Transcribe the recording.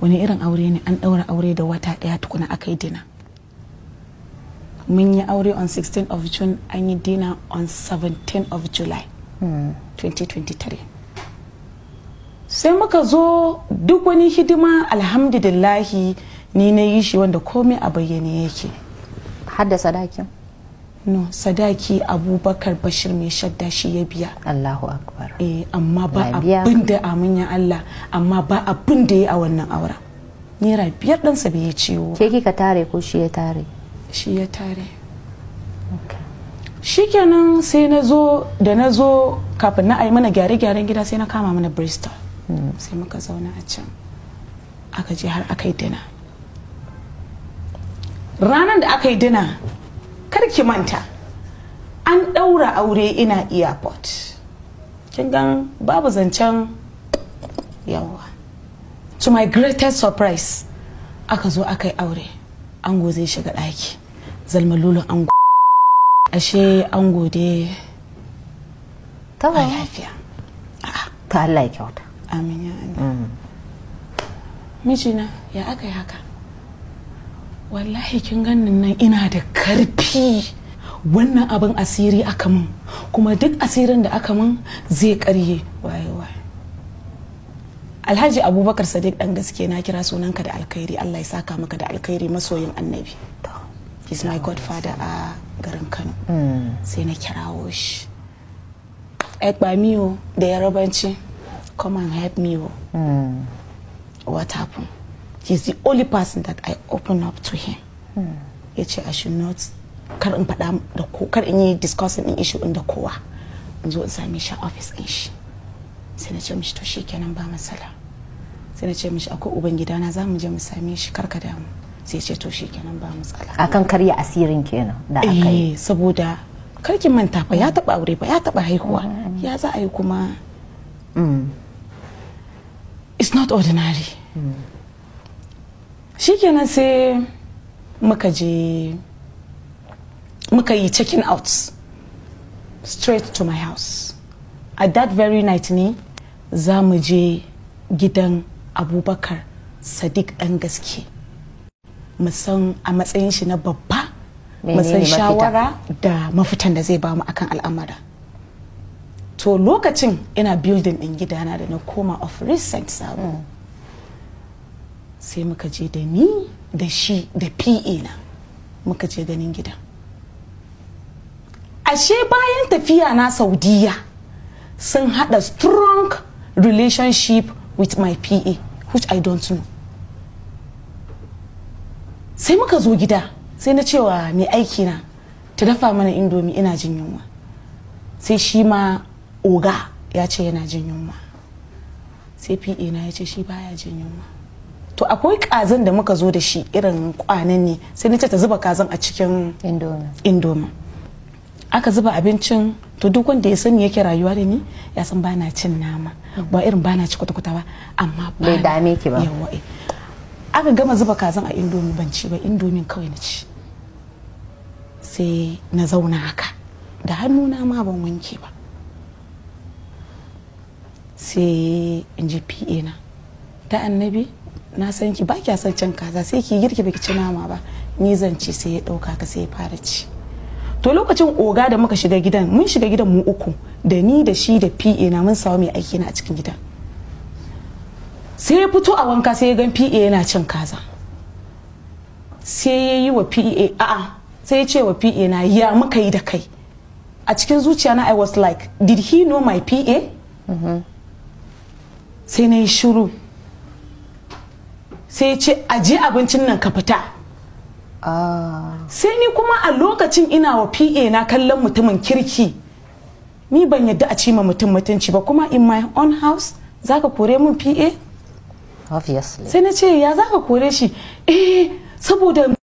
wani irin aure ne an ɗaura aure da wata ɗaya tukuna aka yi dina mun yi aure on 16 of june an yi dina on 17 of july 2023 sai muka zo duk wani hidima alhamdulillahi ni na yi shi wanda komai a bayyane yake haddasa dakin no sadaki abubakar bashir mai shadda shi ya biya allahu akbar eh amma ba abin da amin ya allah amma ba abin da ya a wannan aura naira biyar ɗansa bai yi ciwo ke kika tare ko shi ya tare shi ya tare shikenan sai na zo da na zo kafin na mana gyare-gyaren gida sai na kama mana bristol hmm. sai muka zauna a can aka je har aka yi dina ranar da aka yi dina kar ki manta an ɗaura aure ina airport kin gan babu zancen yawa to my greatest surprise aka zo aka yi aure ango zai shiga ɗaki zalmalulun ango ashe ango dai ta lafiya ta Allah ya kyauta amin ya mm. mijina ya aka yi haka wallahi kin ganin nan ina da karfi wannan abin asiri aka min kuma duk asirin da aka min zai karye wayewa alhaji abubakar sadiq dan gaske na kira sunanka da alkhairi allah ya saka maka da alkhairi masoyin annabi is my godfather a garin kano hmm. sai na kirawo shi ekpa miyo da yarabanci come and help me oh. hmm. what happened he's the only person that I open up to him hmm. ya ce I should not kar in faɗa da ko kar in yi discussing in issue in da kowa in zo in same shi a office din shi sai na ce mishi to kenan ba matsala sai na ce mishi akwai ubangida na za mu je mu same shi ka damu sai ce to kenan ba matsala akan karya asirin kenan da aka yi eh, saboda karkin manta fa ya taɓa aure ba ya taɓa haihuwa hmm, hmm. ya za a yi kuma it's not ordinary shikenan sai muka je muka yi checking out straight to my house at that very night ne za mu je gidan abubakar sadiq ɗan gaske musan a matsayin shi na babba musan shawara da mafitan da zai bamu akan al'amara to lokacin ina building ɗin gidana da na koma of recent sabo hmm. sai muka je da ni da shi da pa na muka je ganin gidan ashe bayan tafiya na saudiya sun hada strong relationship with my pa which i don't know sai muka zo gida sai na cewa mai aiki na ta dafa mana indomi ina jin yunwa sai shi ma oga ya ce yana jin yunwa sai pa na ya ce shi baya jin yunwa to akwai kazan da muka zo da shi irin kwanan ne sai nace ta zuba kazan a cikin indomi aka zuba abincin to duk wanda ya sani yake rayuwa da ni ya san bana cin nama ba irin bana ci kwata ba amma bai dame ki ba eh. aka gama zuba kazan a indomi ban ci ba indomin kawai na ci sai na zauna haka da hannu na ma ban wanke ba sai in ji pa na ta annabi na san ki ba kya son cin kaza sai ki girki baki ci nama ba ni zan ci sai ya dauka ka sai ya fara ci to lokacin oga da muka shiga gidan mun shiga gidan mu uku da ni da shi da pa na mun samu mai aiki na a cikin gidan sai ya fito a wanka sai ya gan pa yana cin kaza sai ya yi wa pa a sai ya ce wa pa na ya muka yi da kai a cikin zuciya na i was like did he know my pa mm-hmm. sai na yi shiru sai ce aje abincin nan ka fita sai ni kuma a lokacin ina wa pa na kallon mutumin kirki ni ban yadda a cima mutum mutunci ba kuma in my own house za ka kore mun pa sai na ce ya za ka kore shi eh saboda